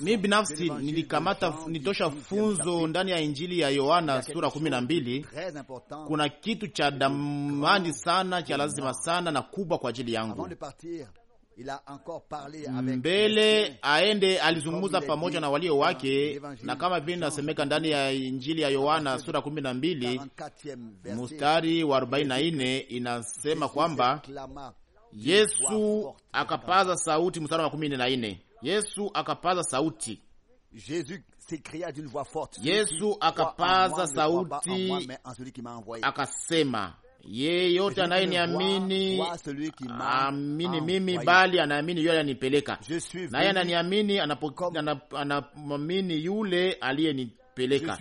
Mimi binafsi nilikamata nitosha funzo ndani ya Injili ya Yohana sura kumi na mbili. Kuna kitu cha damani sana cha lazima sana na kubwa kwa ajili yangu. Mbele aende alizungumza pamoja na walio wake, na kama vile nasemeka ndani ya Injili ya Yohana sura 12 mstari mustari wa 44 inasema kwamba Yesu akapaza sauti, mstari wa kumi na nne. Yesu akapaza sauti Yesu akapaza sauti akasema, yeyote anayeniamini amini mimi, bali anaamini yule ananipeleka, naye ananiamini, anaamini yule aliyeni kupeleka.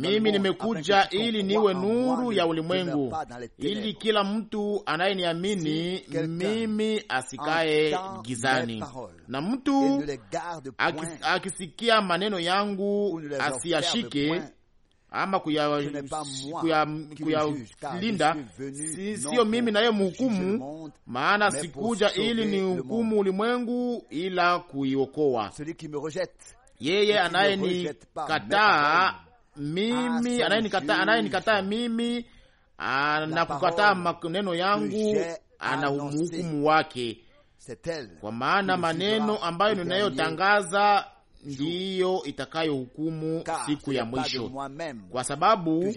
Mimi nimekuja ili niwe nuru ya ulimwengu, ili kila mtu anayeniamini mimi asikaye gizani, na mtu akisikia maneno yangu asiyashike ama kuyalinda, siyo mimi naye mhukumu, maana sikuja ili ni hukumu ulimwengu, ila kuiokoa yeye anayenikataa mimi, anayenikataa anayenikataa mimi na kukataa maneno yangu ana mhukumu wake, kwa maana maneno ambayo ninayotangaza ndiyo itakayohukumu siku ya mwisho, kwa sababu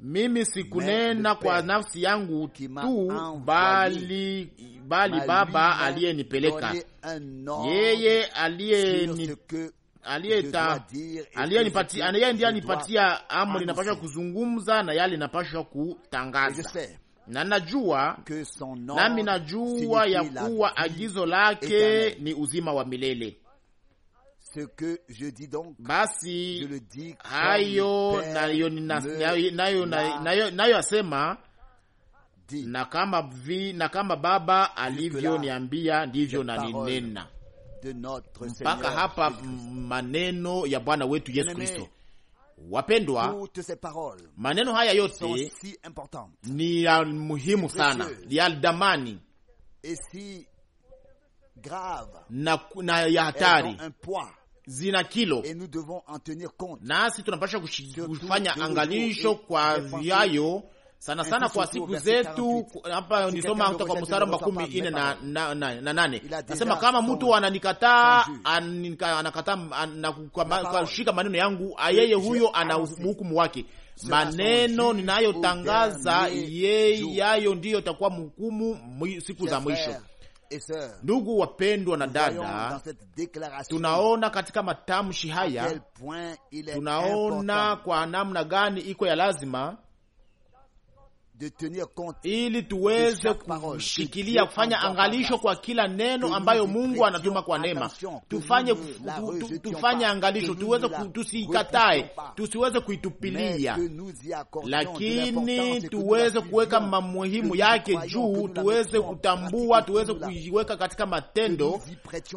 mimi sikunena kwa nafsi yangu tu, bali bali Baba aliyenipeleka yeye aliye aliye ndiye anipatia amri, inapasha kuzungumza na yale inapasha kutangaza, na najua nami najua ya kuwa agizo lake ni uzima wa milele. Basi hayo nayoyasema na kama vi, na kama Baba alivyoniambia ndivyo naninena. Mpaka hapa maneno ya Bwana wetu Yesu Kristo. Wapendwa, maneno haya yote si ni ya muhimu sana, ya damani na, na ya hatari zina kilo, nasi tunapasha kufanya angalisho kwa yayo sana sana kwa siku zetu. Hapa nisoma hata kwa mstari wa makumi ine na nane nasema kama mtu ananikataa anakataa kushika maneno yangu, yeye huyo ana hukumu wake. Maneno ninayotangaza yayo ndiyo itakuwa mhukumu siku za mwisho. Ndugu wapendwa na dada, tunaona katika matamshi haya, tunaona kwa namna gani iko ya lazima ili tuweze kushikilia kufanya angalisho kwa kila neno ambayo Mungu anatuma kwa neema. Tufanye tufanye angalisho, tuweze tusikatae, tusiweze kuitupilia, lakini tuweze kuweka mamuhimu yake juu, tuweze kutambua, tuweze kuiweka katika matendo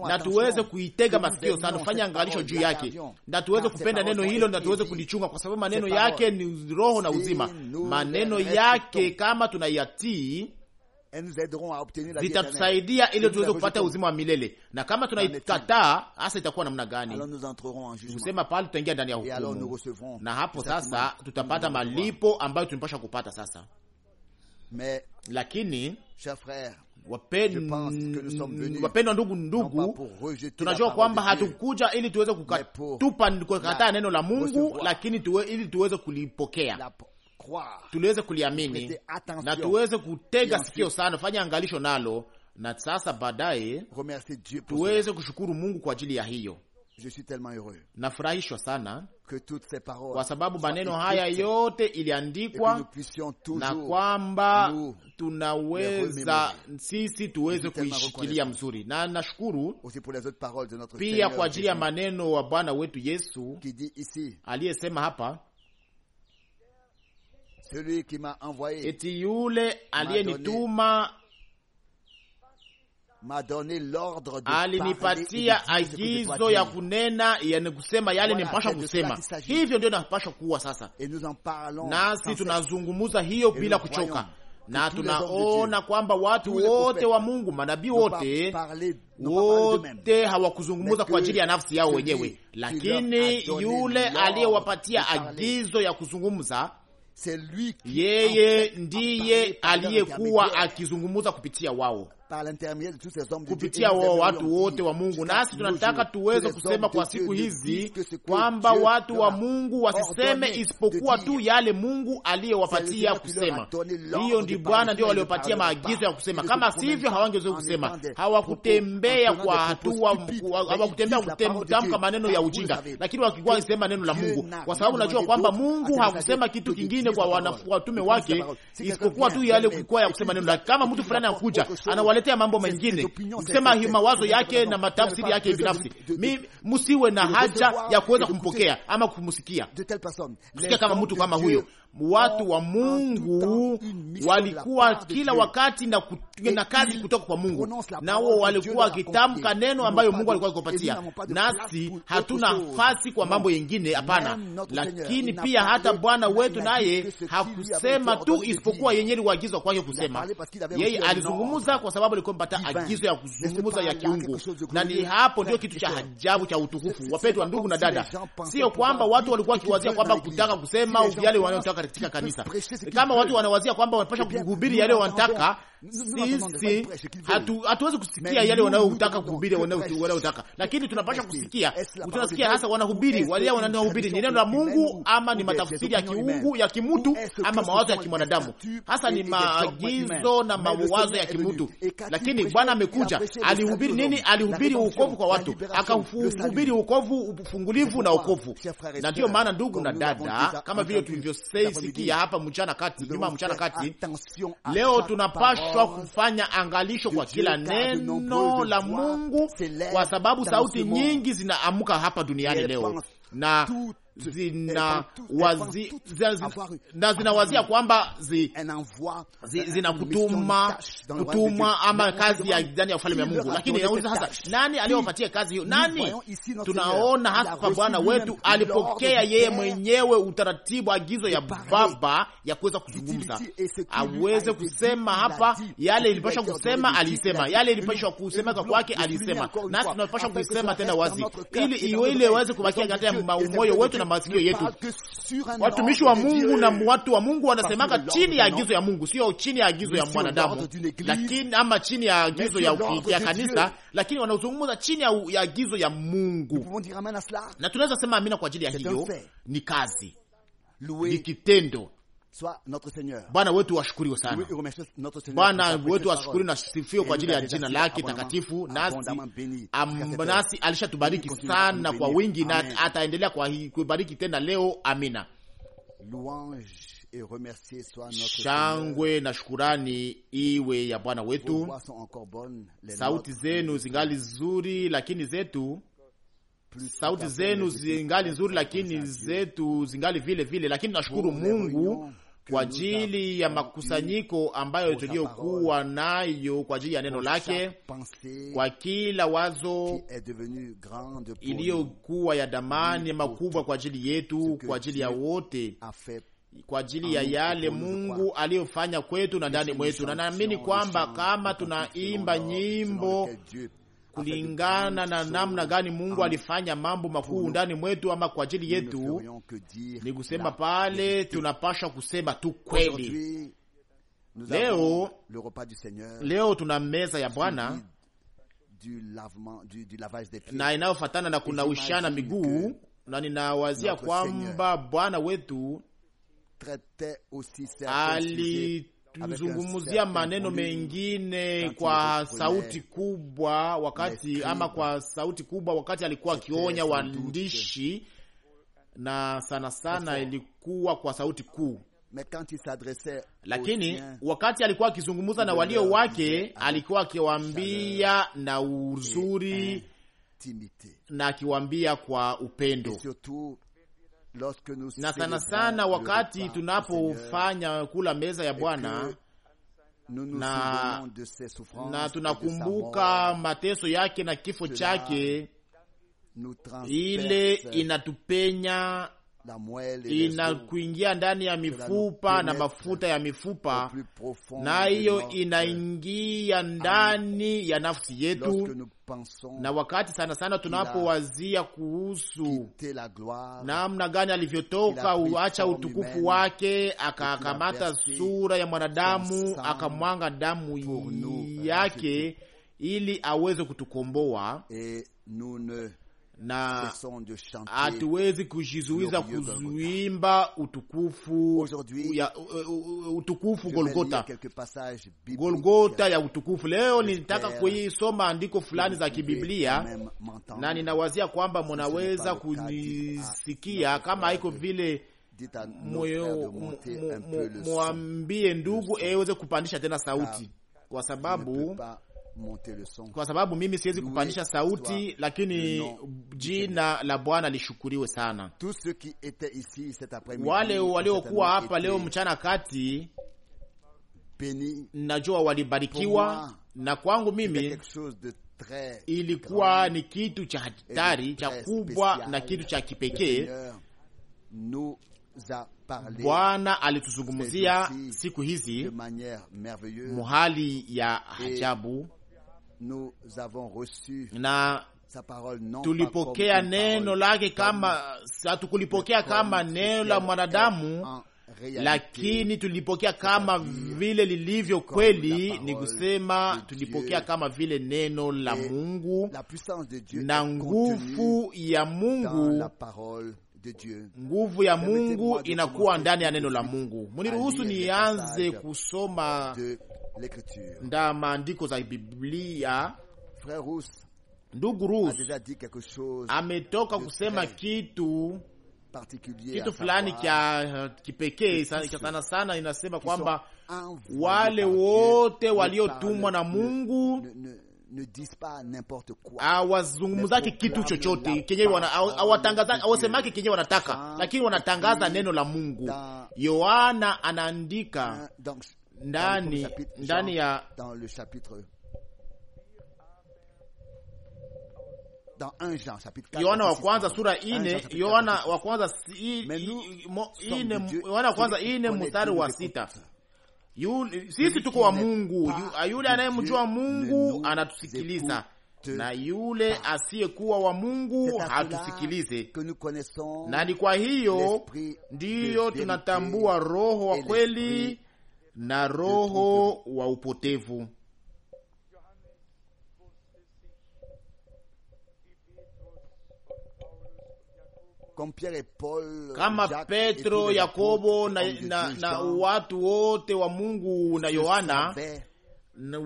na tuweze kuitega masikio sana, tufanye angalisho juu yake, na tuweze kupenda neno hilo, na tuweze kulichunga, kwa sababu maneno yake ni roho na uzima, maneno yake yake kama tunayatii zitatusaidia ili tuweze kupata uzima wa milele, na kama tunaikataa, hasa itakuwa namna gani? Kusema pale tutaingia ndani ya hukumu, na hapo sasa tutapata malipo ambayo tunapasha kupata sasa. Lakini wapendwa ndugu ndugu, tunajua kwamba hatukuja ili tuweze kukataa neno la Mungu, lakini tuwe, ili tuweze kulipokea tuliweze kuliamini na tuweze kutega sikio sana, fanya angalisho nalo, na sasa baadaye tuweze kushukuru Mungu kwa ajili ya hiyo. Nafurahishwa sana kwa sababu maneno haya yote iliandikwa na kwamba tunaweza sisi tuweze kuishikilia mzuri, na nashukuru pia kwa ajili ya maneno wa Bwana wetu Yesu aliyesema hapa eti yule aliyenituma alinipatia agizo ya kunena yani kusema yale nimpasha kusema. Hivyo ndio napasha kuwa sasa, nasi tunazungumuza hiyo bila kuchoka, na tunaona kwamba watu wote wa Mungu, manabii wote wote hawakuzungumuza kwa ajili ya nafsi yao wenyewe, lakini yule aliyewapatia agizo ya kuzungumza yeye ndiye aliyekuwa akizungumza kupitia wao kupitia wao watu wote wa Mungu. Nasi tunataka tuweze kusema kwa siku hizi kwamba watu wa Mungu oh, wasiseme isipokuwa tu yale Mungu aliyewapatia kusema. Hiyo ndi Bwana ndio waliopatia maagizo ya kusema, kama sivyo hawangeweza kusema. Hawakutembea kwa hatua, hawakutembea kutamka maneno ya ujinga, lakini wakisema neno la Mungu, kwa sababu kwamba Mungu hakusema kitu kingine kwa watume wake isipokuwa tu yale kulikuwa ya kusema neno. Kama mtu fulani anakuja anawale kuwaletea mambo mengine, sema mawazo yake na matafsiri yake binafsi. Msiwe na haja ya kuweza kumpokea ama kumsikia sikia kama mtu kama huyo. Watu wa Mungu walikuwa kila wakati na, ku, na kazi kutoka kwa Mungu, nao walikuwa wakitamka neno ambayo Mungu alikuwa akipatia. Nasi hatuna nafasi kwa mambo yengine, hapana. Lakini pia hata Bwana wetu naye hakusema tu isipokuwa yenye liwaagizwa kwake kusema. Yeye alizungumza kwa sababu sababu alikuwa mpata agizo ya kuzungumza ya kiungu, na ni hapo ndio kitu cha ajabu cha utukufu. Wapendwa ndugu na dada, sio kwamba watu walikuwa wakiwazia kwamba kutaka kusema yale wanayotaka katika kanisa, kama watu wanawazia kwamba wanapasha kuhubiri yale wanataka sisi hatuwezi kusikia yale wanayotaka kuhubiri, wanayotaka lakini tunapasha kusikia. Tunasikia hasa wanahubiri wale wanahubiri, ni neno la Mungu ama ni matafsiri ya kiungu ya kimutu ama mawazo ya kimwanadamu, hasa ni maagizo na mawazo ya kimutu. Lakini Bwana amekuja, alihubiri nini? Alihubiri uokovu kwa watu, akahubiri uokovu, ufungulivu na uokovu. Na ndiyo maana ndugu na dada, kama vile tulivyosikia hapa mchana kati, nyuma mchana kati, leo tunapasha tunapaswa kufanya angalisho kwa kila neno la Mungu, kwa sababu sauti nyingi zinaamka hapa duniani leo na zinawazia zina, zina kwamba zinakutuma kutumwa ama kazi ya ndani ya ufalme ya Mungu, lakini nauliza hasa nani aliyowapatia kazi hiyo? Nani? Tunaona hasa Bwana wetu alipokea yeye mwenyewe utaratibu, agizo ya Baba ya kuweza kuzungumza, aweze kusema hapa yale ilipasha kusema, alisema yale ilipasha kusemeka kwake, alisema nasi tunapasha kuisema tena wazi, ili iwe ile iweze kubakia katika moyo wetu na masikio yetu. Watumishi wa Mungu na watu wa Mungu wanasemaka chini ya agizo ya Mungu, sio chini ya agizo ya mwanadamu, lakini ama chini ya agizo ya, ya kanisa, lakini wanazungumza chini ya agizo ya Mungu, na tunaweza sema amina kwa ajili ya hiyo. Ni kazi, ni kitendo Bwana wetu washukuriwe sana. Bwana wetu washukuriwe na sifio kwa ajili ya jina lake takatifu. Nasi alishatubariki sana kwa wingi na ataendelea kubariki tena leo. Amina. Shangwe na shukurani iwe ya Bwana wetu. Sauti zenu zingali zuri, lakini zetu sauti zenu zingali nzuri, lakini zetu zingali vile vile, lakini nashukuru Mungu kwa ajili ya makusanyiko ambayo tuliyokuwa nayo kwa ajili ya neno lake, kwa kila wazo iliyokuwa ya damani makubwa kwa ajili yetu, kwa ajili ya wote, kwa ajili ya yale Mungu aliyofanya kwetu na ndani mwetu. Na naamini kwamba kama tunaimba nyimbo kulingana na namna gani Mungu alifanya mambo makuu ndani mwetu ama kwa ajili yetu. Ni kusema pale tunapasha kusema tu kweli. Leo, leo tuna meza ya Bwana na inayofatana na kunawishana miguu, na ninawazia kwamba Bwana wetu ali tuzungumzia maneno mengine kwa sauti kubwa wakati ama kwa sauti kubwa wakati alikuwa akionya waandishi, na sana sana ilikuwa kwa sauti kuu. Lakini wakati alikuwa akizungumza na walio wake, alikuwa akiwaambia na uzuri na akiwaambia kwa upendo na sana sana wakati tunapofanya kula meza ya Bwana na, na tunakumbuka mateso yake na kifo chake, ile inatupenya inakuingia ndani ya mifupa na mafuta ya mifupa, na hiyo inaingia ndani ya nafsi yetu. Na wakati sana sana tunapowazia kuhusu namna gani alivyotoka uacha utukufu wake, akakamata sura ya mwanadamu, akamwanga damu euh, yake ili aweze kutukomboa na hatuwezi kujizuiza kuzuimba utukufu ya utukufu Golgota, Golgota ya utukufu. Leo nitaka kuisoma andiko fulani za kibiblia, na ninawazia kwamba munaweza kunisikia kama haiko vile mwambie ndugu eweze kupandisha tena sauti, kwa sababu kwa sababu mimi siwezi kupandisha sauti, lakini jina la Bwana lishukuriwe sana. Wale waliokuwa hapa leo mchana kati najua walibarikiwa, na kwangu mimi ilikuwa ni kitu cha hatari cha kubwa na kitu cha kipekee. Bwana alituzungumzia siku hizi muhali ya ajabu na tulipokea neno lake kama hatukulipokea kama neno la mwanadamu, lakini tulipokea kama vile lilivyo kweli, ni kusema tulipokea kama vile neno la Mungu na nguvu ya Mungu nguvu ya Mungu inakuwa ndani ya neno la Mungu. Muniruhusu nianze kusoma nda maandiko za Biblia. Ndugu Rus ametoka kusema kitu kitu fulani kya uh, kipekee sana sana, inasema kwamba wale wote waliotumwa na Mungu awazungumzake kitu chochote kenye awasemake kenye wanataka, lakini wanatangaza neno la Mungu. Yohana anaandika ndani ndani ya dans le chapitre Yohana wa kwanza sura 4, Yohana wa kwanza sura Yohana wa kwanza ine mstari wa sita. Sisi tuko wa Mungu, yule anayemjua Mungu anatusikiliza na yule asiyekuwa wa Mungu hatusikilize. Na ni kwa hiyo ndiyo tunatambua roho wa kweli na roho wa upotevu. Kama Petro, Yakobo na, na, na watu wote wa Mungu na Yohana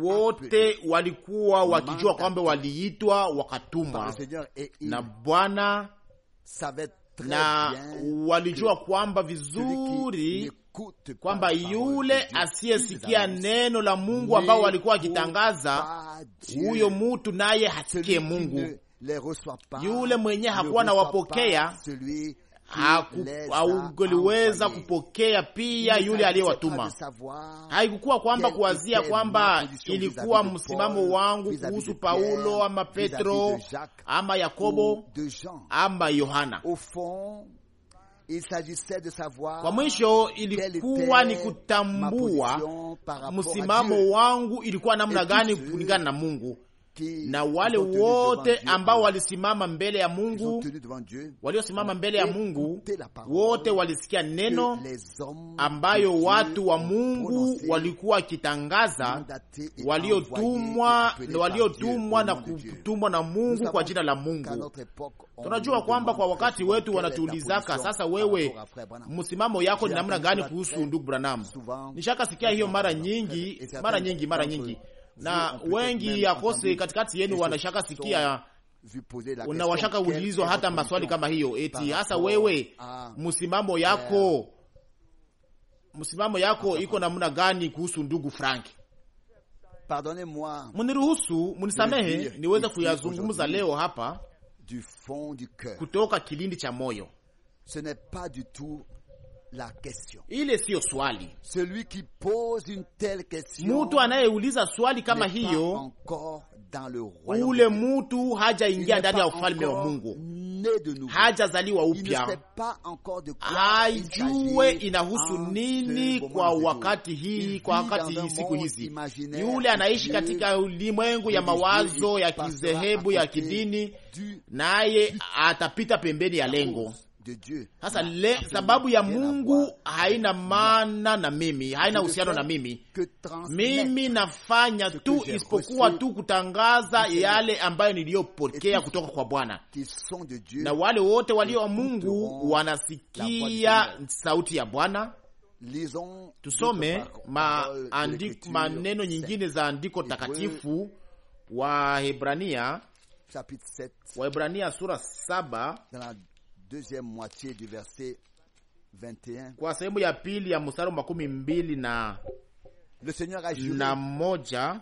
wote walikuwa wakijua kwamba waliitwa wakatumwa na Bwana na walijua kwamba vizuri kwamba yule asiyesikia neno la Mungu ambao walikuwa wakitangaza, huyo mutu naye hasikie Mungu. Yule mwenye hakuwa nawapokea haungeliweza kupokea pia yule aliyewatuma. Haikukuwa kwamba kuwazia kwamba ilikuwa msimamo wangu kuhusu Paulo ama Petro ama Yakobo ama Yohana. Kwa mwisho ilikuwa ni kutambua msimamo wangu ilikuwa namna gani kulingana na Mungu na wale wote ambao walisimama mbele ya Mungu, waliosimama mbele ya Mungu wote walisikia neno ambayo watu wa Mungu walikuwa wakitangaza, waliotumwa waliotumwa na kutumwa na Mungu kwa jina la Mungu. Tunajua kwamba kwa wakati wetu wanatuulizaka sasa, wewe msimamo yako ni namna gani kuhusu ndugu Branham? Nishaka sikia hiyo mara nyingi, mara nyingi, mara nyingi na wengi akose katikati yenu wanashaka sikia unawashaka ulizo hata maswali kama hiyo, eti hasa oh, wewe ah. msimamo yako msimamo yako iko namna gani kuhusu ndugu Frank? Muniruhusu, munisamehe niweze kuyazungumza leo hapa kutoka kilindi cha moyo la question. Ile siyo swali. Celui qui pose une telle question, mutu anayeuliza swali kama hiyo ule mutu hajaingia ndani ya ufalme wa Mungu, hajazaliwa upya, haijue inahusu nini kwa wakati hii, kwa wakati hii, siku hizi. Yule anaishi katika ulimwengu ya mawazo ya kizehebu ya kidini, naye atapita pembeni ya lengo hasa le sababu ya Mungu haina maana na mimi, haina uhusiano na mimi. Mimi nafanya tu isipokuwa tu kutangaza yale ambayo niliyopokea kutoka kwa Bwana, na wale wote walio wa Mungu wanasikia sauti ya Bwana. Tusome maneno nyingine za andiko takatifu wa Hebrania, sura saba deuxième moitié du verset 21. Kwa sehemu ya pili ya mstari makumi mbili na Le Seigneur a juré, na moja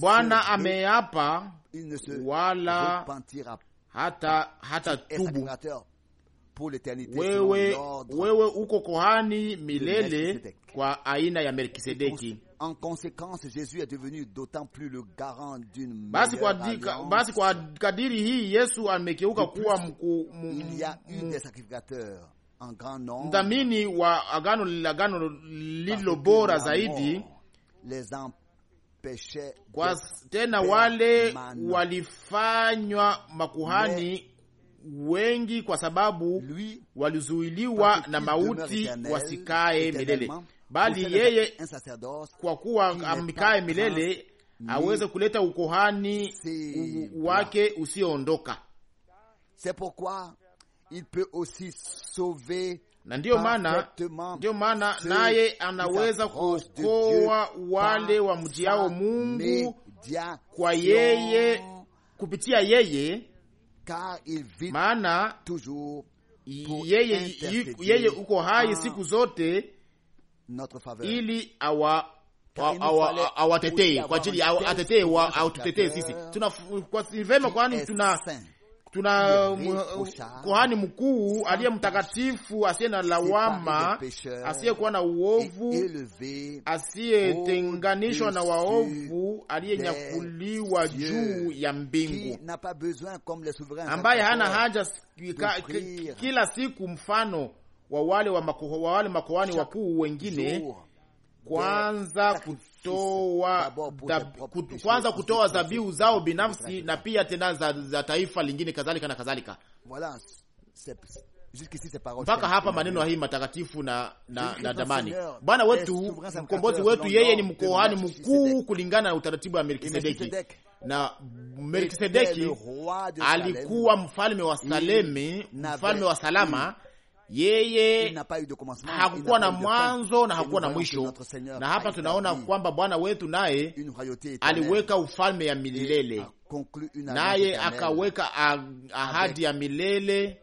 Bwana ameapa wala hata hata tubu. Wewe, wewe uko kohani milele kwa aina ya Melkisedeki. En conséquence, Jésus est devenu d'autant plus le garant d'une basi kwa, di, basi kwa kadiri hii Yesu amekeuka kuwa il y a eu des sacrificateurs en grand nombre. Mdhamini wa agano agano bora zaidi les empêchait kwa tena wale walifanywa makuhani wengi kwa sababu walizuiliwa na mauti wasikae milele bali yeye kwa kuwa amikae milele aweze kuleta ukohani wake usioondoka. Na ndiyo maana ndiyo maana naye anaweza kuokoa wale wa mjiao Mungu kwa yeye, kupitia yeye, maana yeye, yeye uko hai siku zote ili awa awatetee kwa ajili atetee aututetee sisi. Tuna vema, kwani tuna tuna kohani mkuu aliye mtakatifu asiye na lawama asiye kuwa na uovu asiyetenganishwa na waovu aliyenyakuliwa juu ya mbingu, ambaye hana haja kila siku mfano wa wale wa mako, wa wale makoani wakuu wengine kwanza kutoa kwanza kutoa dhabihu zao binafsi na pia tena za, za taifa lingine kadhalika na kadhalika mpaka hapa maneno hii matakatifu na na, na damani. Bwana wetu mkombozi wetu, yeye ni mkohani mkuu kulingana na utaratibu wa Melkisedeki, na Melkisedeki alikuwa mfalme wa Salemi, mfalme wa salama yeye hakukuwa na mwanzo na hakukuwa na mwisho. Na hapa tunaona kwamba Bwana wetu naye aliweka ufalme ya milele, naye akaweka ahadi ya milele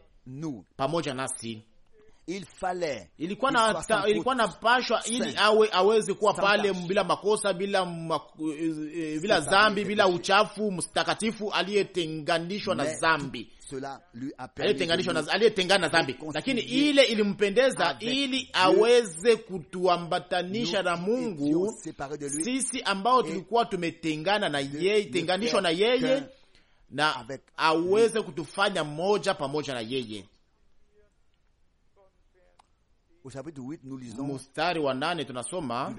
pamoja nasi. Il fallait, ilikuwa na ilikuwa na pashwa ili awe aweze kuwa pale bila makosa bila maku, eh, eh, bila zambi bila uchafu mtakatifu aliyetenganishwa na zambi aliyetenganishwa na dhambi, lakini ile ilimpendeza ili aweze kutuambatanisha na Mungu, sisi ambao tulikuwa tumetengana na yeye, tenganishwa na yeye, na aweze kutufanya moja pamoja na yeye. Mustari wa nane tunasoma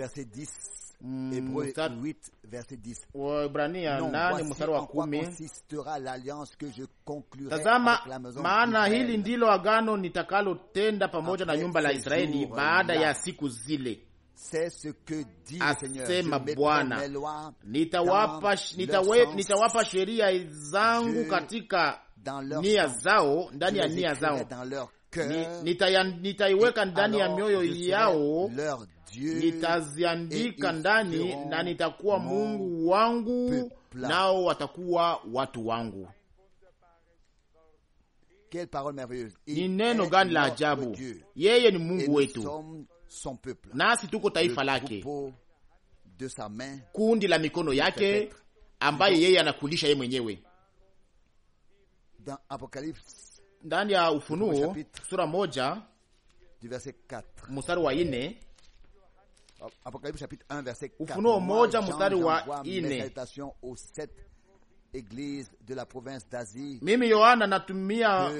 Mm, tazama, maana hili ndilo agano nitakalotenda pamoja na nyumba la Israeli baada ya siku zile, asema Bwana, nitawapa nitawapa sheria zangu katika nia zao, ndani ya nia zao nitaiweka ndani ya mioyo yao nitaziandika ndani na nitakuwa Mungu wangu, nao watakuwa watu wangu. Ni neno gani la ajabu! Yeye ni Mungu wetu, nasi tuko taifa lake, kundi la mikono yake, ambaye yeye anakulisha yeye mwenyewe. Ndani ya Ufunuo sura moja mstari wa ine Apocalypse chapitre 1 verset 4. Ufunuo moja mstari wa ine. églises de la province d'Asie. Mimi Yohana natumia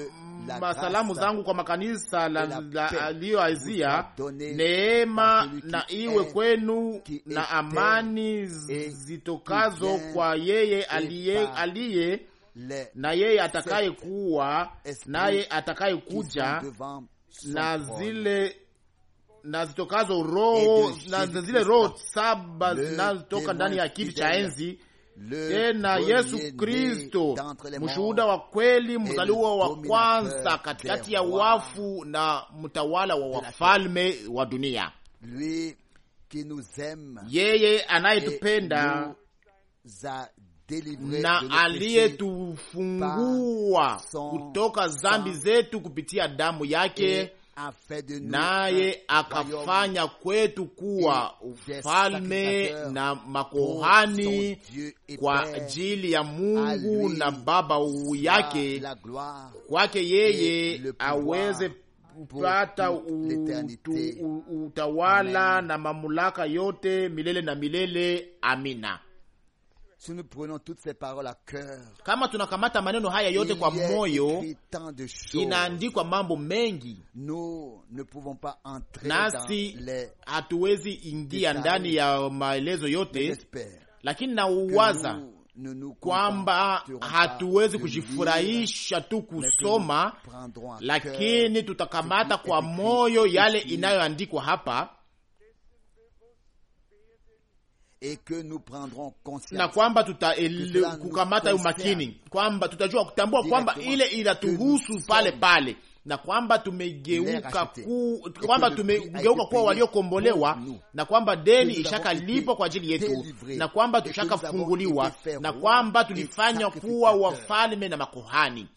masalamu zangu kwa makanisa la aliyo Asia. Neema na iwe kwenu na amani zitokazo kwa yeye aliye, aliye na yeye atakaye kuwa naye atakaye kuja na zile na zitokazo roho na zile roho saba zinazotoka ndani ya kiti cha enzi tena Yesu Kristo mshuhuda wa kweli, mzaliwa wa kwanza katikati ya wafu na mtawala wa wafalme wa dunia, yeye anayetupenda na aliyetufungua kutoka zambi zetu kupitia damu yake naye euh, akafanya kwetu kuwa ufalme na oh, makohani kwa ajili ya Mungu na Baba yake, kwake yeye aweze pata utawala na mamlaka yote milele na milele. Amina si nous prenons toutes ces paroles à cœur, kama tunakamata maneno haya yote kwa moyo, inaandikwa mambo mengi, nous ne pouvons pas entrer nasi hatuwezi ingia ndani ya maelezo yote, lakini nauwaza kwamba hatuwezi kujifurahisha tu kusoma, lakini tutakamata kwa moyo yale inayoandikwa hapa na kwamba tutakukamata umakini, kwamba tutajua kutambua kwamba ile inatuhusu pale pale na kwamba tumegeuka ku, kwamba tumegeuka kuwa waliokombolewa, na kwamba deni ishaka lipo kwa ajili yetu, na kwamba tushaka funguliwa, na kwamba tulifanywa kuwa wafalme na makuhani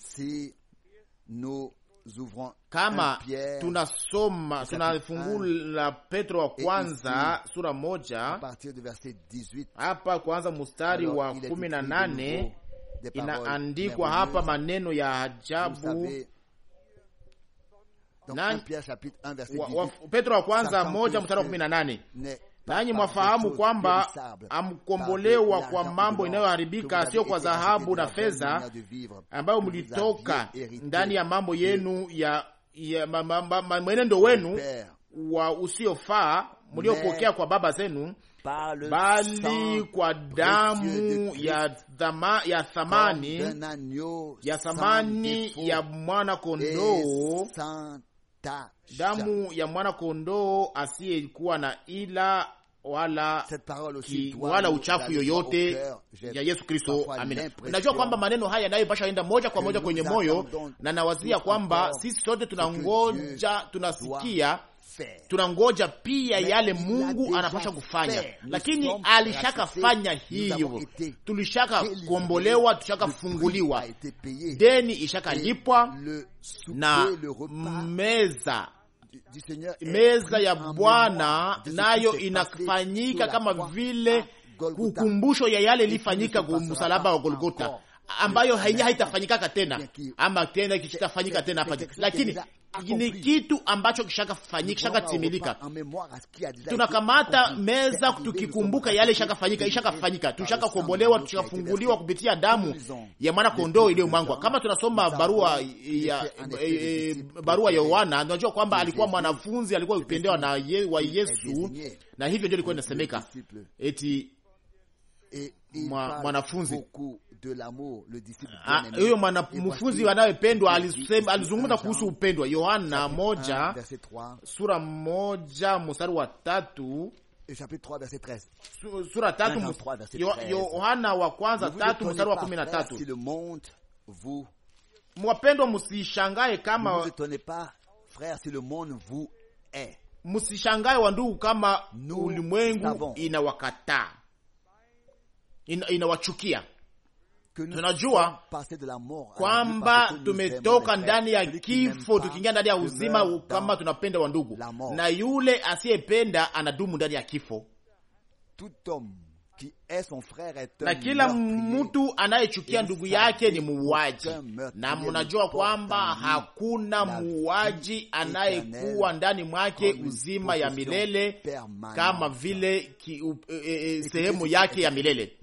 kama tunasoma tunafungula Petro wa kwanza ici, sura moja hapa kwanza mustari wa kumi na nane inaandikwa hapa maneno ya ajabu. Petro wa kwanza moja mstari wa kumi na nane nanyi mwafahamu kwamba amkombolewa kwa mambo inayoharibika, sio kwa dhahabu na fedha, ambayo mlitoka ndani ya mambo yenu ya, ya mwenendo wenu wa usiofaa mliopokea kwa baba zenu, bali kwa damu ya thama, ya thamani ya thamani ya mwana kondoo damu ya mwana kondoo asiyekuwa na ila wala ki, wala uchafu yoyote ya Yesu Kristo. Amina. Najua kwamba maneno haya yanayopasha enda moja kwa moja kwenye moyo, na nawazia kwamba sisi sote tunangoja tunasikia tunangoja pia yale Mungu anapasha kufanya, lakini alishakafanya hiyo. Tulishaka tushaka funguliwa, deni lipwa na meza meza ya Bwana nayo inafanyika kama vile ukumbusho ya yale ilifanyika kumsalaba wa Golgota ambayo haitafanyikaka tena ama tena kitafanyika tena hapa, lakini ni kitu ambacho kishakafanyika, kishakatimilika. Tunakamata meza tukikumbuka yale ishakafanyika, ishakafanyika, tushakakombolewa, tushakafunguliwa kupitia damu ya mwana kondoo iliyomwangwa. Kama tunasoma barua ya eh, eh, eh, barua ya Yohana, tunajua kwamba alikuwa mwanafunzi, alikuwa upendewa na ye, wa Yesu, na hivyo ndio ilikuwa inasemeka eti e, e, mwanafunzi Ah, huyo mwanafunzi anayependwa alizungumza kuhusu upendwa. Yohana moja sura moja mstari wa tatu sura tatu Yohana wa kwanza tatu mstari wa kumi na tatu Mwapendwa, musishangae kama musishangae wa ndugu kama ulimwengu inawakataa, inawachukia tunajua kwamba tumetoka ndani ya kifo tukiingia ndani ya uzima, kama tunapenda wa ndugu, na yule asiyependa anadumu ndani ya kifo. Tout frère est na kila mtu anayechukia ndugu yake ni muuaji, na mnajua kwamba hakuna muuaji anayekuwa ndani mwake uzima ya milele kama vile ki, uh, uh, uh, sehemu yake ya milele.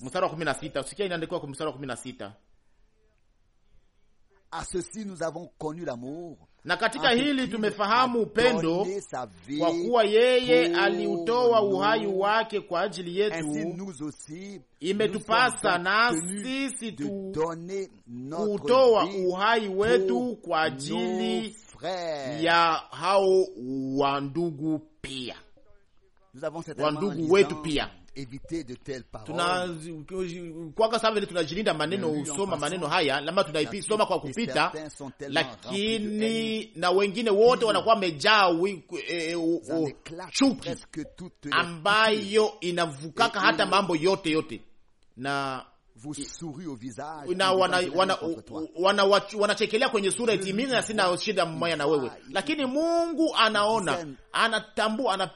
Mstari wa 16 usikia, inaandikwa kwa mstari wa 16. Na katika hili tumefahamu upendo, kwa kuwa yeye aliutoa uhai wake kwa ajili yetu. Imetupasa na sisi tu kutoa uhai wetu kwa ajili ya hao wandugu pia, wandugu wetu pia kwaga sababu tunajilinda maneno usoma maneno haya lama tunaisoma kwa kupita, lakini na wengine wote wanakuwa wamejaa e- e- chuki ambayo inavukaka hata mambo yote yote na wanachekelea kwenye sura itimina, na sina shida mmoja na wewe, lakini Mungu anaona, anatambua,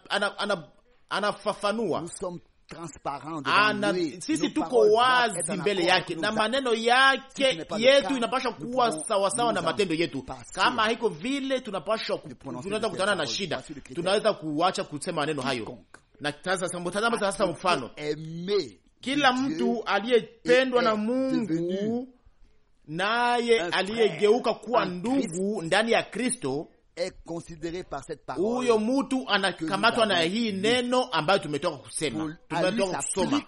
anafafanua ana, ana, ana, ana ana, ah, sisi tuko wazi mbele yake na maneno yake yetu inapasha kuwa sawasawa na matendo yetu. Kama haiko vile, tunapasha tunaweza kutana na shida, tunaweza kuacha kusema maneno hayo. Na tazama sasa mfano, kila mtu aliyependwa na Mungu naye aliyegeuka kuwa ndugu ndani ya Kristo est considéré par cette parole. Huyo mutu anakamatwa na hii neno ambayo tumetoka kusema, tumetoka kusoma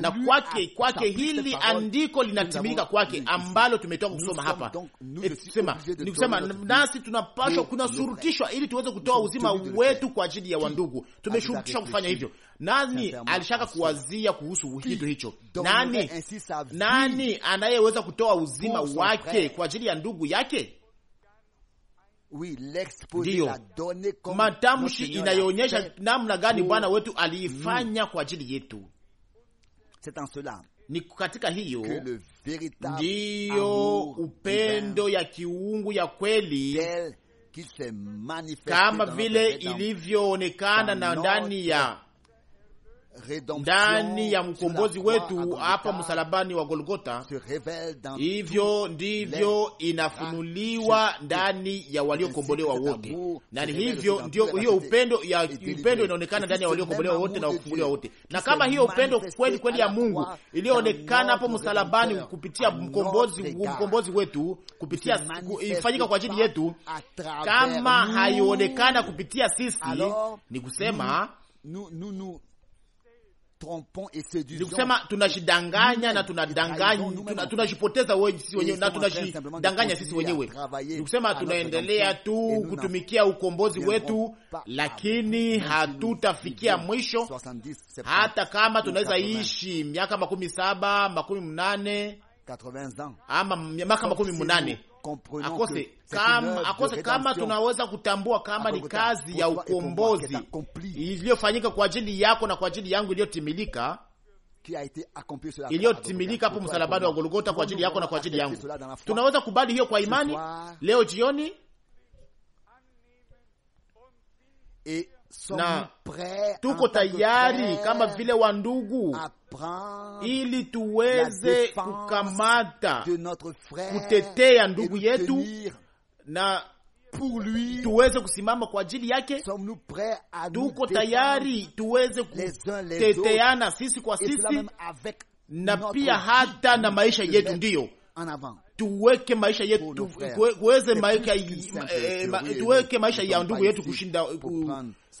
na kwake kwake hili andiko linatimilika kwake ambalo tumetoka kusoma hapa. Eh, sema ni kusema nasi tunapaswa kunashurutishwa ili tuweze kutoa uzima wetu kwa ajili ya wandugu. Tumeshurutishwa kufanya hivyo. Nani alishaka kuwazia kuhusu kitu hicho? Nani nani anayeweza kutoa uzima wake kwa ajili ya ndugu yake? ndiyo matamshi inayoonyesha namna gani Bwana wetu aliifanya kwa ajili yetu. Ni katika hiyo ndiyo upendo ya kiungu ya kweli kama vile ilivyoonekana na ndani ya ndani ya mkombozi wetu hapa msalabani wa Golgota. Hivyo ndivyo inafunuliwa ndani ya waliokombolewa wote, na hivyo ndio hiyo upendo ya upendo inaonekana ndani ya waliokombolewa wote na wakufunguliwa wote. Na kama hiyo upendo kweli kweli ya Mungu iliyoonekana hapo msalabani kupitia mkombozi mkombozi wetu, kupitia ifanyika kwa ajili yetu, kama haionekana kupitia sisi, ni kusema ni kusema tunajidanganya na tunajipoteza na tunajidanganya sisi wenyewe. Ni kusema tunaendelea tu kutumikia ukombozi wetu, lakini hatutafikia mwisho, hata kama tunaweza ishi miaka makumi saba makumi mnane ama miaka makumi mnane akose kama, akose kama tunaweza kutambua kama ni kazi ya ukombozi iliyofanyika kwa ajili yako na kwa ajili yangu iliyotimilika iliyotimilika hapo msalabani wa Golgota kwa ajili yako na kwa ajili yangu. Tunaweza kubali hiyo kwa imani leo jioni na tuko tayari kama vile wandugu ili tuweze kukamata kutetea ndugu yetu na Pour lui, tuweze kusimama kwa ajili yake. Tuko tayari tuweze kuteteana sisi kwa sisi, na pia hata na maisha yetu ndiyo tuweke maisha yetu kuweze maisha eh, eh, tuweke maisha ya ndugu yetu kushinda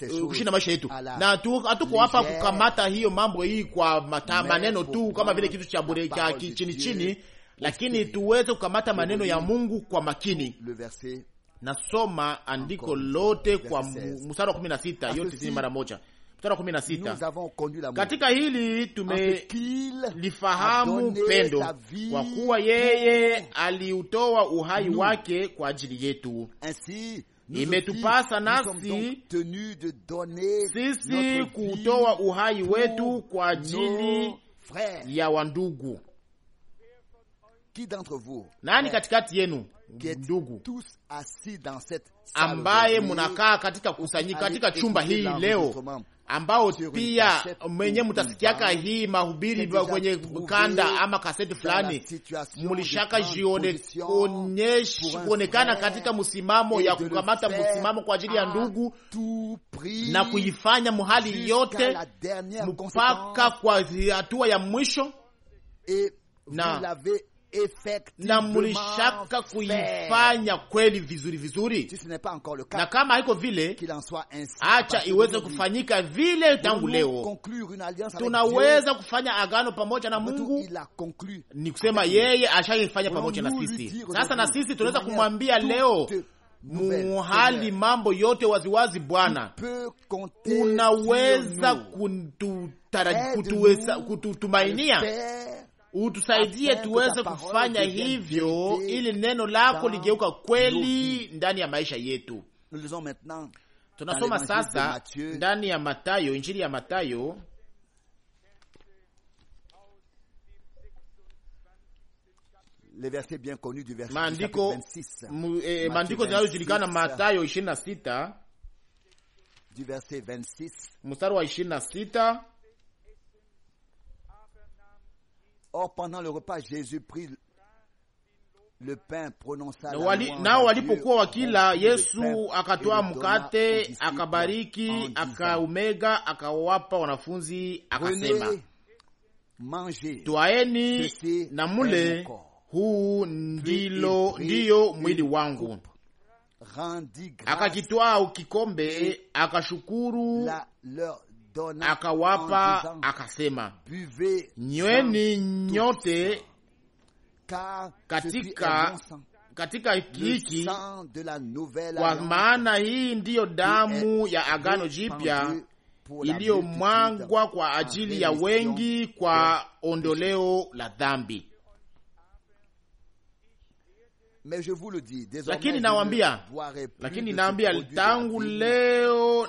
eh, kushinda maisha yetu, na hatuko hapa kukamata hiyo mambo hii kwa mata, maneno tu kama vile kitu cha bure cha chini chini, lakini tuweze kukamata maneno ya Mungu kwa makini. Nasoma andiko lote kwa mstari wa 16 yote mara moja mstari wa katika hili tumelifahamu pendo, kwa kuwa yeye aliutoa uhai wake kwa ajili yetu. Imetupasa nasi sisi kuutoa uhai wetu kwa ajili ya wandugu. Nani katikati yenu ndugu ambaye munakaa katika kusanyika katika chumba hii leo ambao pia mwenye mtasikiaka hii mahubiri kwenye kanda ama kaseti fulani, mulishaka kuonekana katika msimamo ya kukamata msimamo kwa ajili ya ndugu na kuifanya muhali yote mpaka kwa hatua ya mwisho na na mulishaka kuifanya kweli vizuri vizuri, na kama haiko vile, acha iweze kufanyika vile. Tangu leo tunaweza kufanya agano pamoja na Mungu, ni kusema yeye ashaifanya pamoja na sisi. Sasa na sisi tunaweza kumwambia leo muhali mambo yote waziwazi, Bwana unaweza kututumainia utusaidie tuweze kufanya hivyo, ili neno lako ligeuka kweli ndani ya maisha yetu. Tunasoma sasa ndani ya Matayo, injili ya Matayo maandiko zinazojulikana Matayo 26 mstari wa 26 Or, pendant le repas, Jésus prit le pain, prononça wali, nao walipokuwa wakila, Yesu akatoa mkate, akabariki, akaumega, akawapa wanafunzi, akasema, twaeni na mule, huu ndilo ndiyo mwili wangu. Akakitwaa kikombe, akashukuru akawapa akasema, nyweni nyote katika katika hiki, kwa maana hii ndiyo damu ya agano jipya iliyomwangwa kwa ajili ya wengi kwa ondoleo la dhambi lakini nawambia lakini naambia tangu leo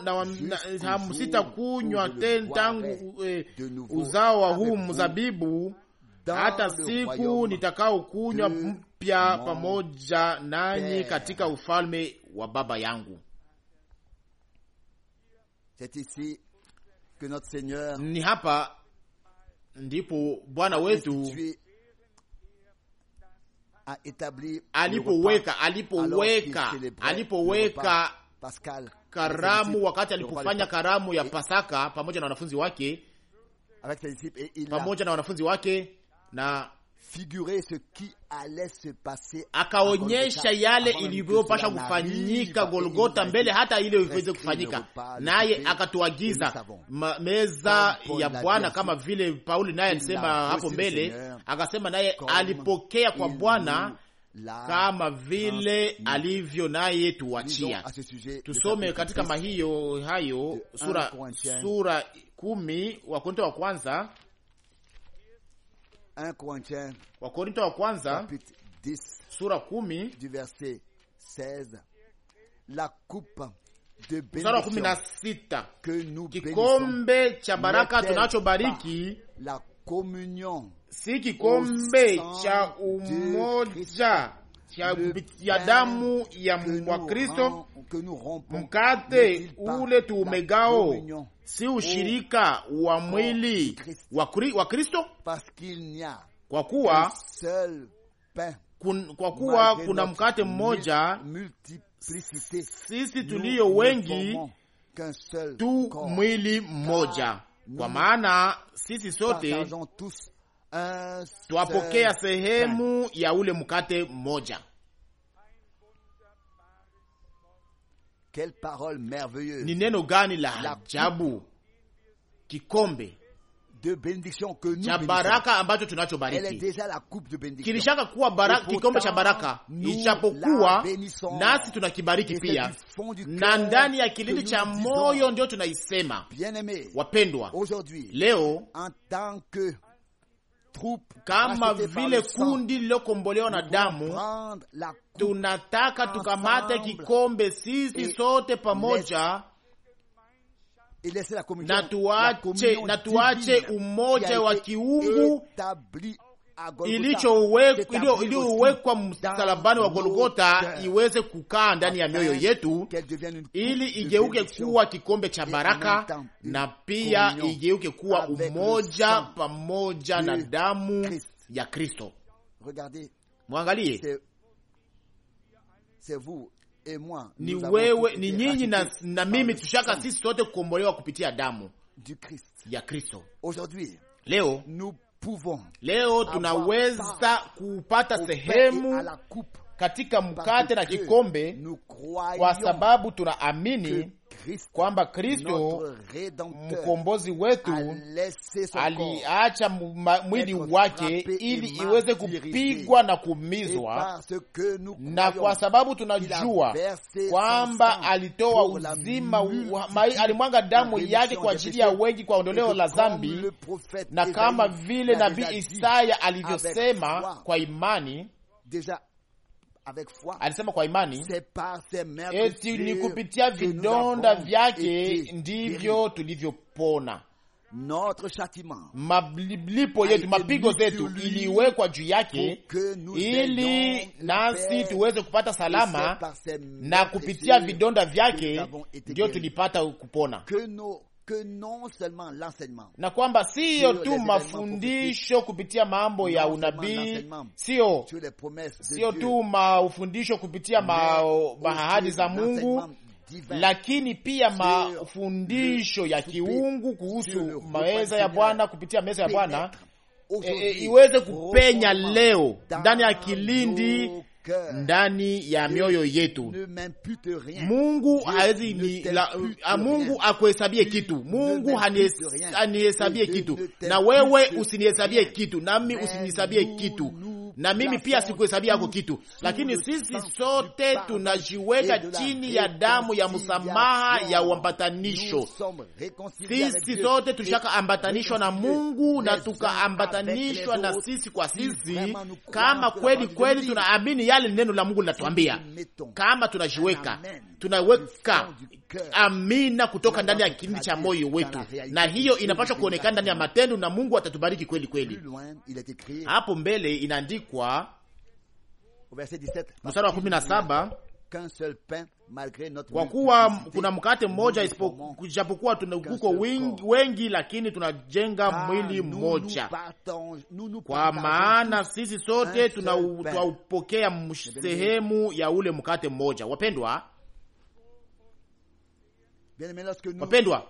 eh, kunywa tena tangu eh, uzao wa huu mzabibu hata siku nitakaokunywa mpya pamoja nanyi katika ufalme wa Baba yangu. Ni hapa ndipo Bwana wetu alipoweka alipoweka alipoweka karamu, wakati alipofanya karamu ya Pasaka pamoja na wanafunzi wake pamoja na wanafunzi wake na akaonyesha yale ilivyopasha kufanyika Golgota mbele hata ile iweze kufanyika, naye akatuagiza meza ya Bwana, kama vile Pauli naye alisema hapo mbele, akasema naye alipokea kwa Bwana kama vile alivyo naye tuwachia. Tusome katika mahiyo hayo sura sura kumi Wakorintho wa kwanza Wakorinto wa kwanza sura kumi mstari kumi na sita kikombe cha baraka tunachobariki si kikombe cha umoja cha ya damu ya mwa Kristo, mkate ule tuumegao si oh. ushirika wa oh, mwili wa Kristo, kwa kuwa kun, kwa kuwa kuna mkate mmoja, sisi tulio wengi tu mwili mmoja, kwa maana sisi sote twapokea sehemu ya ule mkate mmoja. Quelle parole merveilleuse! Ni neno gani la ajabu, kikombe cha baraka ambacho tunachobariki kilishaka kuwa baraka, kikombe cha baraka, ijapokuwa nasi tunakibariki pia, na ndani ya kilindi cha moyo ndio tunaisema. Wapendwa, leo kama vile kundi lilokombolewa na damu, tunataka tukamate kikombe sisi sote pamoja na tuache umoja wa kiungu iliyowekwa msalabani wa Golgota iweze kukaa ndani ya mioyo yetu, ili igeuke kuwa kikombe cha baraka na pia igeuke kuwa umoja pamoja na damu ya Kristo. Mwangalie, ni wewe, ni nyinyi na, na mimi tushaka sisi sote kukombolewa kupitia damu ya Kristo leo Leo tunaweza kupata sehemu katika mkate na kikombe, kwa sababu tunaamini kwamba Kristo mkombozi wetu aliacha mwili wake ili iweze kupigwa na kuumizwa, na kwa sababu tunajua kwamba alitoa uzima, alimwanga damu yake kwa ajili ya wengi kwa ondoleo la dhambi, na kama vile nabii Isaya alivyosema kwa imani alisema kwa imani, eti ni kupitia vidonda vyake ndivyo tulivyopona. Malipo yetu, mapigo zetu iliwekwa juu yake, ili nasi tuweze kupata salama, na kupitia vidonda vyake ndio tulipata kupona na kwamba siyo tu mafundisho kupitia mambo ya unabii, siyo sio tu mafundisho kupitia mahadi za Mungu, lakini pia mafundisho ya kiungu kuhusu meza ya Bwana, kupitia meza ya Bwana e, e, iweze kupenya leo ndani ya kilindi ndani ya mioyo yetu. Mungu hawezi ni la, ah, Mungu akuhesabie kitu, Mungu hanihesabie kitu, na wewe usinihesabie kitu, nami usinihesabie kitu na mimi pia sikuhesabia yako kitu, lakini sisi sote tunajiweka chini ya damu ya msamaha ya uambatanisho. Sisi sote tushakaambatanishwa na Mungu na tukaambatanishwa na sisi kwa sisi, kama kweli kweli tunaamini yale neno la Mungu linatuambia, kama tunajiweka tunaweka amina kutoka ndani ya kilindi cha moyo wetu, na hiyo inapaswa kuonekana ndani ya matendo, na Mungu atatubariki kweli kweli. Hapo mbele inaandikwa mstari wa kumi na saba kwa kuwa kuna mkate mmoja ijapokuwa tunaukuko wengi, wengi lakini tunajenga ah, mwili mmoja, kwa maana sisi sote tunaupokea sehemu ya ule mkate mmoja. Wapendwa, Wapendwa,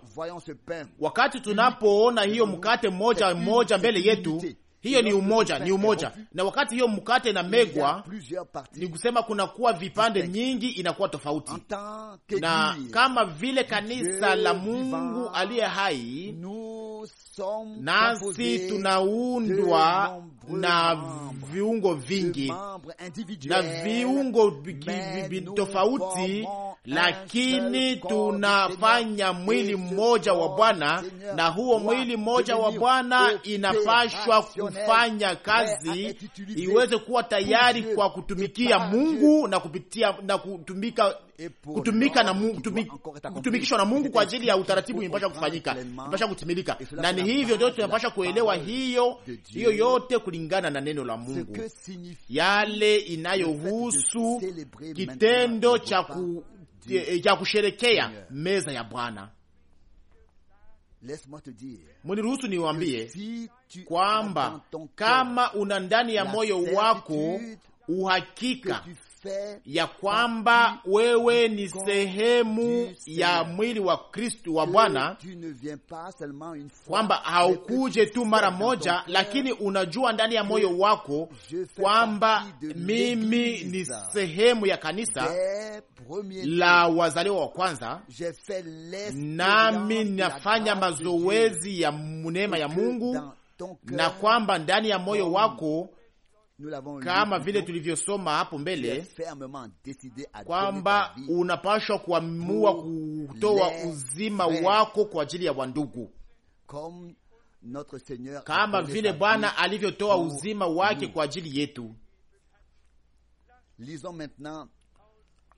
wakati tunapoona hiyo mkate moja mmoja mbele yetu hiyo ni umoja, ni umoja. Na wakati hiyo mkate na megwa, ni kusema kunakuwa vipande nyingi, inakuwa tofauti. Na kama vile kanisa la Mungu aliye hai, nasi tunaundwa na viungo vingi na viungo tofauti, lakini tunafanya mwili mmoja wa Bwana, na huo mwili mmoja wa Bwana inapashwa kufanya kazi iweze kuwa tayari kwa kutumikia Mungu na kupitia na kutumika kutumika na Mungu kutumikishwa na Mungu kwa ajili ya utaratibu imepasha kufanyika, imepasha kutimilika, na ni hivyo ndio tunapasha kuelewa hiyo hiyo yote kulingana na neno la Mungu, yale inayohusu kitendo cha ku eh, cha kusherekea meza ya Bwana. Muniruhusu niwaambie kwamba kama una ndani ya moyo wako uhakika ya kwamba wewe ni sehemu ya mwili wa Kristu wa Bwana, kwamba haukuje tu mara moja, lakini unajua ndani ya moyo wako kwamba mimi ni sehemu ya kanisa la wazaliwa wa kwanza, nami nafanya mazoezi ya neema ya Mungu na kwamba ndani ya moyo wako kama vile tulivyosoma hapo mbele kwamba unapashwa kuamua kutoa uzima wako kwa ajili ya wandugu, kama vile Bwana alivyotoa uzima wake kwa ajili yetu.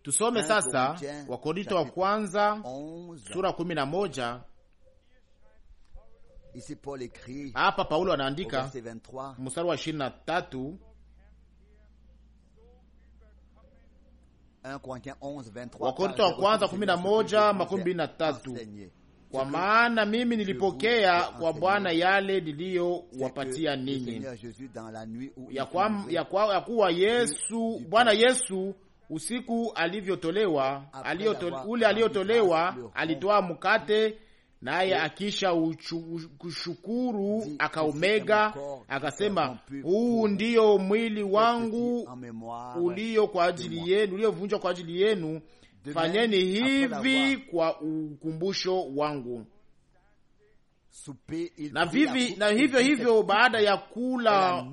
Tusome sasa Wakorinto wa kwanza sura kumi na moja. Hapa Paulo anaandika mstari wa ishirini na tatu Wakorinto wa kwanza kumi na moja makumi mbili na tatu kwa maana mimi nilipokea kwa Bwana yale niliyowapatia ninyi, ya, ya, ya kuwa Yesu Bwana Yesu usiku alivyotolewa aliyotole, ule aliyotolewa alitoa mkate naye akisha kushukuru akaumega akasema, huu ndiyo mwili wangu ulio kwa ajili yenu, uliovunjwa kwa ajili yenu, fanyeni hivi kwa ukumbusho wangu. Na, vivi, na hivyo hivyo baada ya kula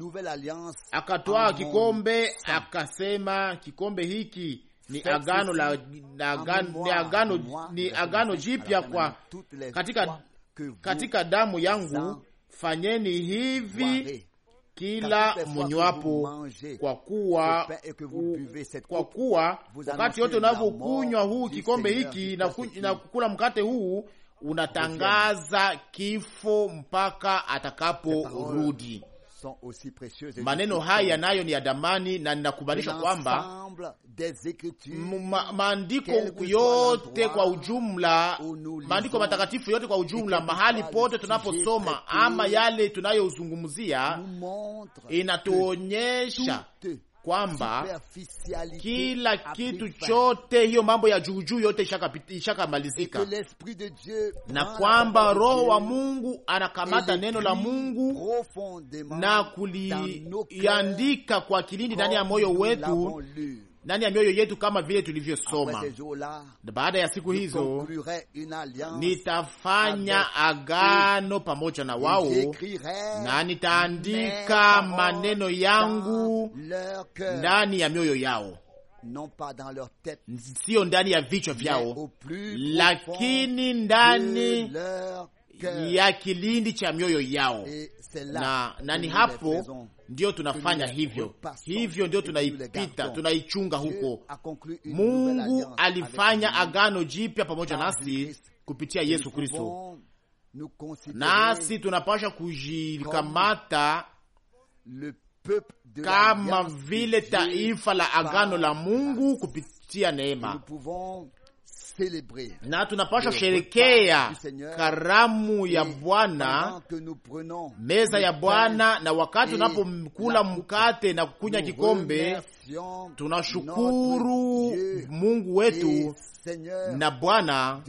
akatoa kikombe akasema, kikombe hiki ni agano la, agano, ni agano, ni agano jipya kwa katika, katika damu yangu. Fanyeni hivi kila mnywapo, kwa kuwa kwa kuwa wakati yote unavyokunywa huu kikombe hiki na kukula mkate huu unatangaza kifo mpaka atakaporudi. Maneno haya nayo ni ya damani, na ninakubalisha kwamba maandiko yote kwa ujumla, maandiko matakatifu yote kwa ujumla, mahali pote tunaposoma ama yale tunayozungumzia, inatuonyesha kwamba kila kitu chote hiyo mambo ya juujuu yote ishakamalizika, na kwamba Roho wa Mungu anakamata neno la Mungu na kuliandika kwa kilindi ndani ya moyo wetu ndani ya mioyo yetu, kama vile tulivyosoma. Baada ya siku hizo, nitafanya agano pamoja na wao na nitaandika maneno yangu ndani ya mioyo yao, siyo ndani ya vichwa vyao, lakini ndani ya kilindi cha mioyo yao, na, na ni hapo ndio tunafanya hivyo, hivyo ndio tunaipita, tunaichunga huko. Mungu alifanya agano jipya pamoja nasi kupitia Yesu Kristo, nasi tunapasha kujikamata kama vile taifa la agano la Mungu kupitia neema na tunapasha kusherekea karamu ya Bwana, meza ya Bwana, na wakati unapokula mkate na kukunya kikombe, tunashukuru Mungu wetu na Bwana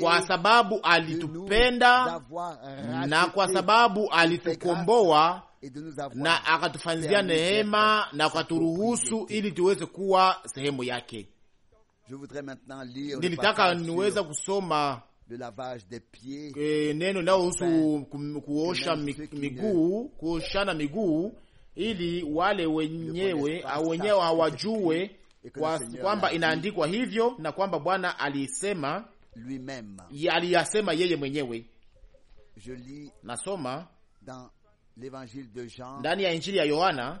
kwa sababu alitupenda na kwa sababu alitukomboa na akatufanyizia neema na akaturuhusu ili tuweze kuwa sehemu yake nilitaka niweza kusoma e, neno inayohusu kuosha miguu, kuoshana miguu, ili wale wenyewe wenyewe hawajue kwamba inaandikwa hivyo na kwamba Bwana alisema aliyasema yeye mwenyewe. Nasoma ndani ya Injili ya Yohana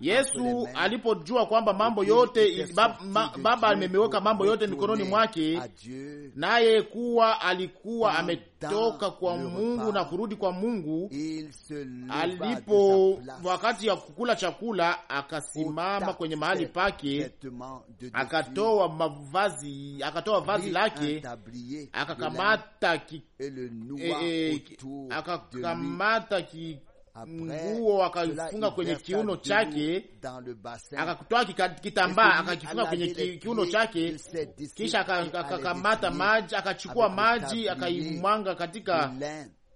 Yesu alipojua kwamba mambo yote ba, ma, Baba amemeweka mambo yote mikononi mwake, naye kuwa alikuwa ametoka kwa Mungu na kurudi kwa Mungu, alipo wakati ya kukula chakula akasimama kwenye mahali pake, akatoa mavazi, akatoa vazi lake, akakamata ki, e, e, akakamata ki nguo akafunga kwenye kiuno chake, akakutoa kitambaa akakifunga kwenye kiuno chake, kisha akakamata maji, akachukua maji akaimwanga katika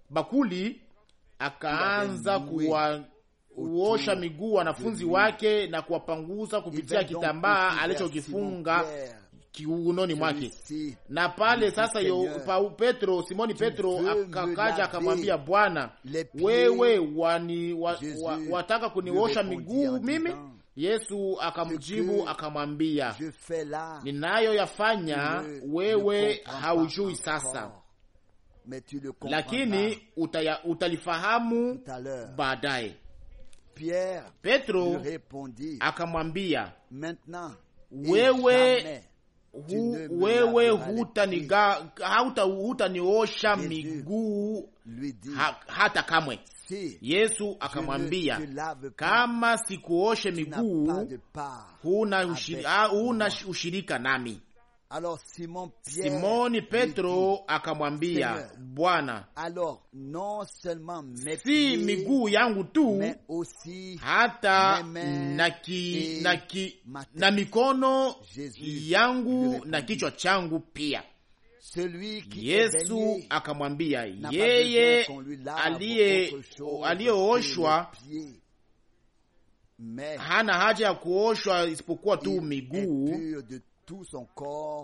bakuli, akaanza kuwa kuosha miguu wanafunzi wake na kuwapanguza kupitia kitambaa alichokifunga kiunoni mwake. Na pale sasa yo, pa, Petro, Simoni Petro akakaja akamwambia, Bwana wewe wani, wa, wa, wataka kuniosha miguu mimi? Yesu akamjibu akamwambia, ninayo yafanya wewe haujui sasa, lakini utaya, utalifahamu baadaye. Petro akamwambia, wewe hu, wewe hutaniosha huta miguu ha, hata kamwe. Yesu akamwambia, kama sikuoshe miguu huna ushirika nami. Alors Simon Pierre Simoni Petro akamwambia, Bwana, alors non seulement mes si pieds, miguu yangu tu aussi hata na, ki, na, ki, na mikono Jesus yangu na kichwa changu pia. Celui qui Yesu akamwambia yeye aliyooshwa hana haja ya kuoshwa isipokuwa tu miguu,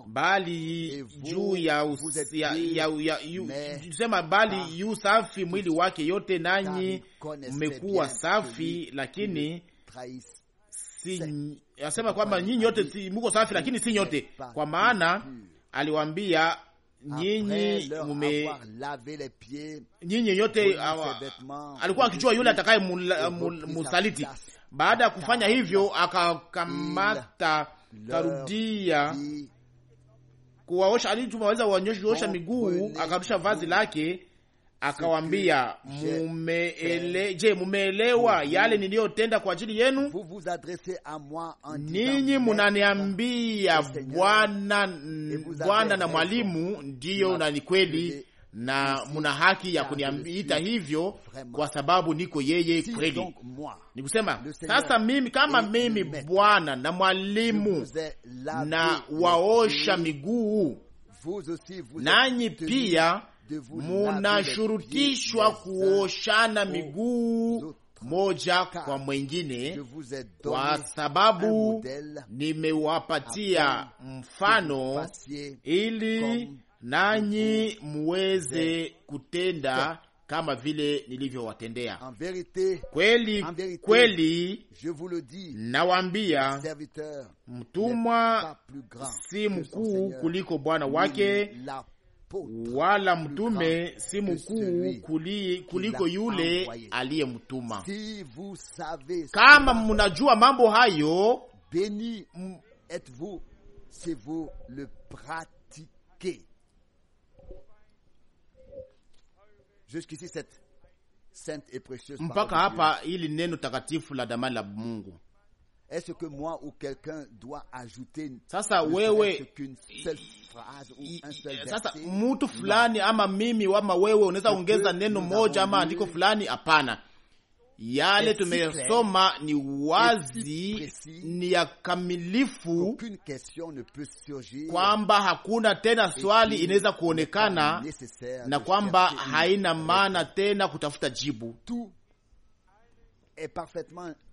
bali juu ya bali yu safi mwili wake yote, nanyi mmekuwa safi, lakini asema kwamba nyinyi yote muko safi, lakini si nyote, kwa maana aliwaambia nyinyi mume nyinyi yote awa, alikuwa akijua yule atakaye musaliti. Baada ya kufanya hivyo, akakamata tarudia kuwaosha, alitumaweza kuwaosha oh, miguu, akarusha vazi oh. lake akawambia mumeele, je, mumeelewa yale niliyotenda kwa ajili yenu? Ninyi munaniambia Bwana, Bwana na mwalimu, ndiyo na ni kweli na muna haki ya kuniita hivyo kwa sababu niko yeye kweli. Ni kusema sasa, mimi kama mimi Bwana na mwalimu na waosha miguu, nanyi pia munashurutishwa kuoshana miguu moja kwa mwengine, kwa sababu nimewapatia mfano ili nanyi muweze kutenda kama vile nilivyowatendea. Kweli kweli nawambia, mtumwa si mkuu kuliko bwana wake, wala mtume si mkuu kuliko yule aliyemtuma. kama mnajua mambo hayo, beni, Jusqu'ici cette sainte et précieuse mpaka hapa ili neno takatifu la damani la Mungu. Est-ce que moi ou quelqu'un doit ajouter sasa wewe seule phrase ou un seul sasa mutu fulani ama mimi ama wewe unaweza ongeza neno moja ama andiko fulani? Hapana yale tumesoma ni wazi, ni ya kamilifu, kwamba hakuna tena swali inaweza kuonekana na kwamba haina maana tena kutafuta jibu.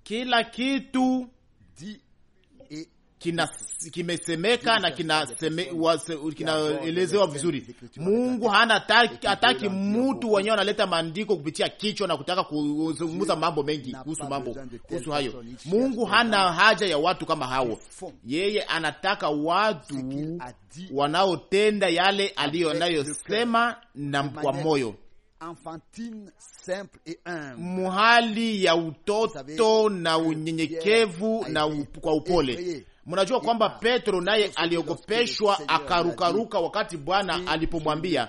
Kila kitu kina kimesemeka na kinaelezewa kina vizuri. Mungu hana hataki, mtu wenyewe analeta maandiko kupitia kichwa na kutaka kuzungumza mambo mengi kuhusu mambo kuhusu hayo. Mungu hana haja ya watu kama hao, yeye anataka watu wanaotenda yale aliyo anayosema na kwa moyo muhali ya utoto na unyenyekevu na kwa upole Mnajua kwamba Petro naye aliogopeshwa akarukaruka wakati Bwana alipomwambia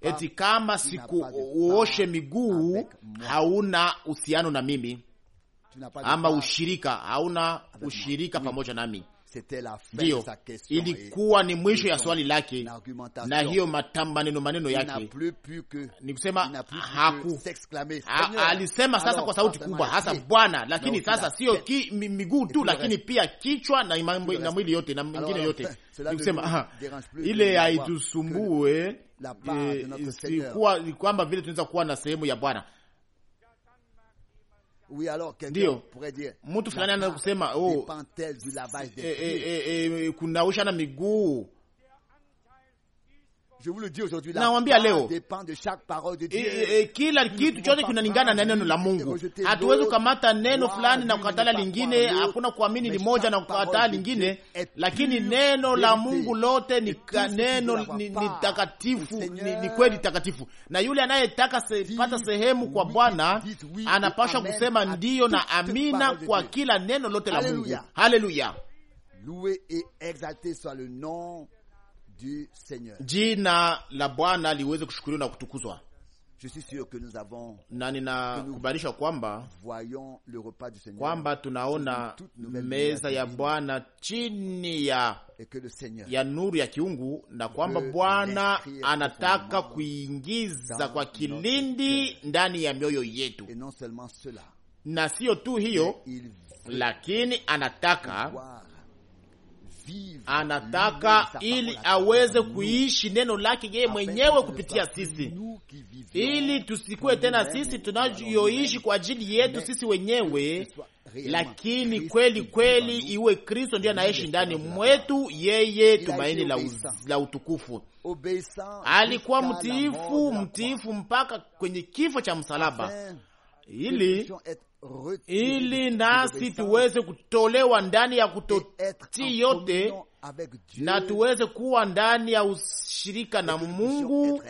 eti kama sikuuoshe miguu hauna uhusiano na mimi, ama ushirika, hauna ushirika pamoja nami ndiyo ilikuwa ni mwisho ya swali lake, na hiyo maneno maneno yake ni kusema haku alisema sasa kwa sauti kubwa hasa Bwana, lakini sasa sio miguu tu, lakini pia kichwa na mwili yote na mingine euh, yote, ni kusema ile haitusumbue, eh, si kwamba vile tunaweza kuwa na sehemu ya Bwana Oui, alors ndio mtu fulani anakusema oh, e, e, e, kunaosha na miguu nawambia leo kila kitu chote kinalingana na neno la Mungu. Hatuwezi kukamata neno fulani na kukataa lingine, hakuna kuamini limoja na kukataa lingine, lakini neno la Mungu lote ni neno ni takatifu, ni kweli takatifu, na yule anayetaka pata sehemu kwa Bwana anapasha kusema ndiyo na amina kwa kila neno lote la Mungu. Haleluya! du Seigneur. Jina la Bwana liweze kushukuriwa na kutukuzwa. Je suis sûr que nous avons na ninakubalisha kwamba voyons le repas du Seigneur, kwamba tunaona meza ya Bwana chini ya ya nuru ya kiungu, na kwamba Bwana anataka kuingiza kwa kilindi ndani ya mioyo yetu, na siyo tu hiyo, lakini anataka anataka ili aweze kuishi neno lake yeye mwenyewe kupitia sisi, ili tusikuwe tena sisi tunayoishi kwa ajili yetu sisi wenyewe, lakini kweli kweli iwe Kristo ndiye anaishi ndani mwetu, yeye tumaini la, la utukufu. Alikuwa mtiifu mtiifu mpaka kwenye kifo cha msalaba ili ili nasi tuweze kutolewa ndani ya kutotii yote na tuweze kuwa ndani ya ushirika na Mungu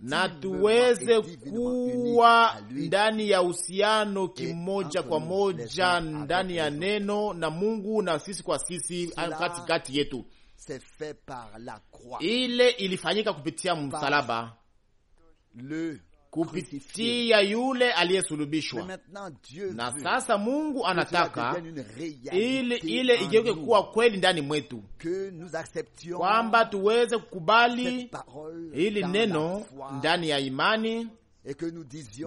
na tuweze kuwa ndani ya uhusiano kimoja kwa moja ndani ya neno na Mungu na sisi kwa sisi katikati yetu. Ile ilifanyika kupitia msalaba kupitia yule aliyesulubishwa. Na sasa Mungu anataka ili ile igeuke kuwa kweli ndani mwetu, kwamba tuweze kukubali hili neno ndani ya imani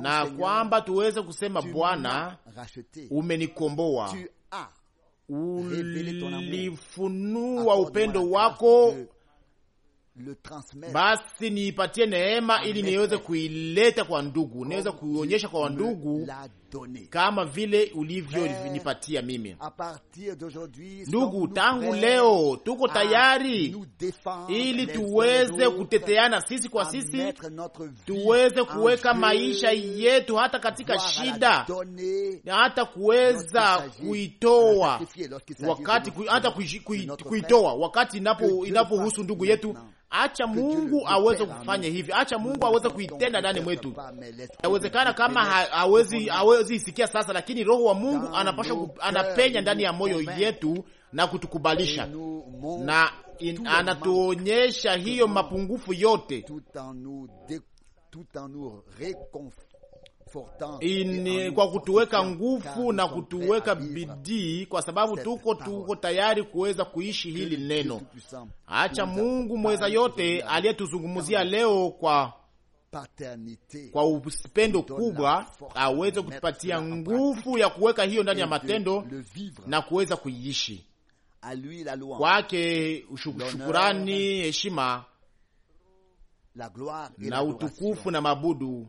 na kwamba tuweze kusema Bwana, umenikomboa, ulifunua upendo wako basi niipatie neema ili niweze kuileta kwa ndugu, niweze kuionyesha kwa wandugu kama vile ulivyonipatia mimi. Ndugu, tangu leo tuko tayari ili tuweze kuteteana sisi kwa sisi, tuweze kuweka maisha yetu hata katika shida, hata kuweza kuitoa wakati, hata kuitoa wakati inapohusu ndugu yetu. Acha Mungu aweze kufanya hivi, acha Mungu aweze kuitenda ndani mwetu. Inawezekana kama hawezi awe isikia sasa, lakini Roho wa Mungu anapasha anapenya ndani ya moyo yetu na kutukubalisha na in, anatuonyesha hiyo mapungufu yote In, kwa kutuweka nguvu na kutuweka bidii, kwa sababu tuko tuko tayari kuweza kuishi hili neno. Acha Mungu mweza yote aliyetuzungumzia leo kwa kwa upendo kubwa aweze kutupatia nguvu ya kuweka hiyo ndani ya matendo na kuweza kuiishi. Kwake shukurani, heshima na utukufu na mabudu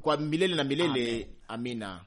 kwa milele na milele. Amen. Amina.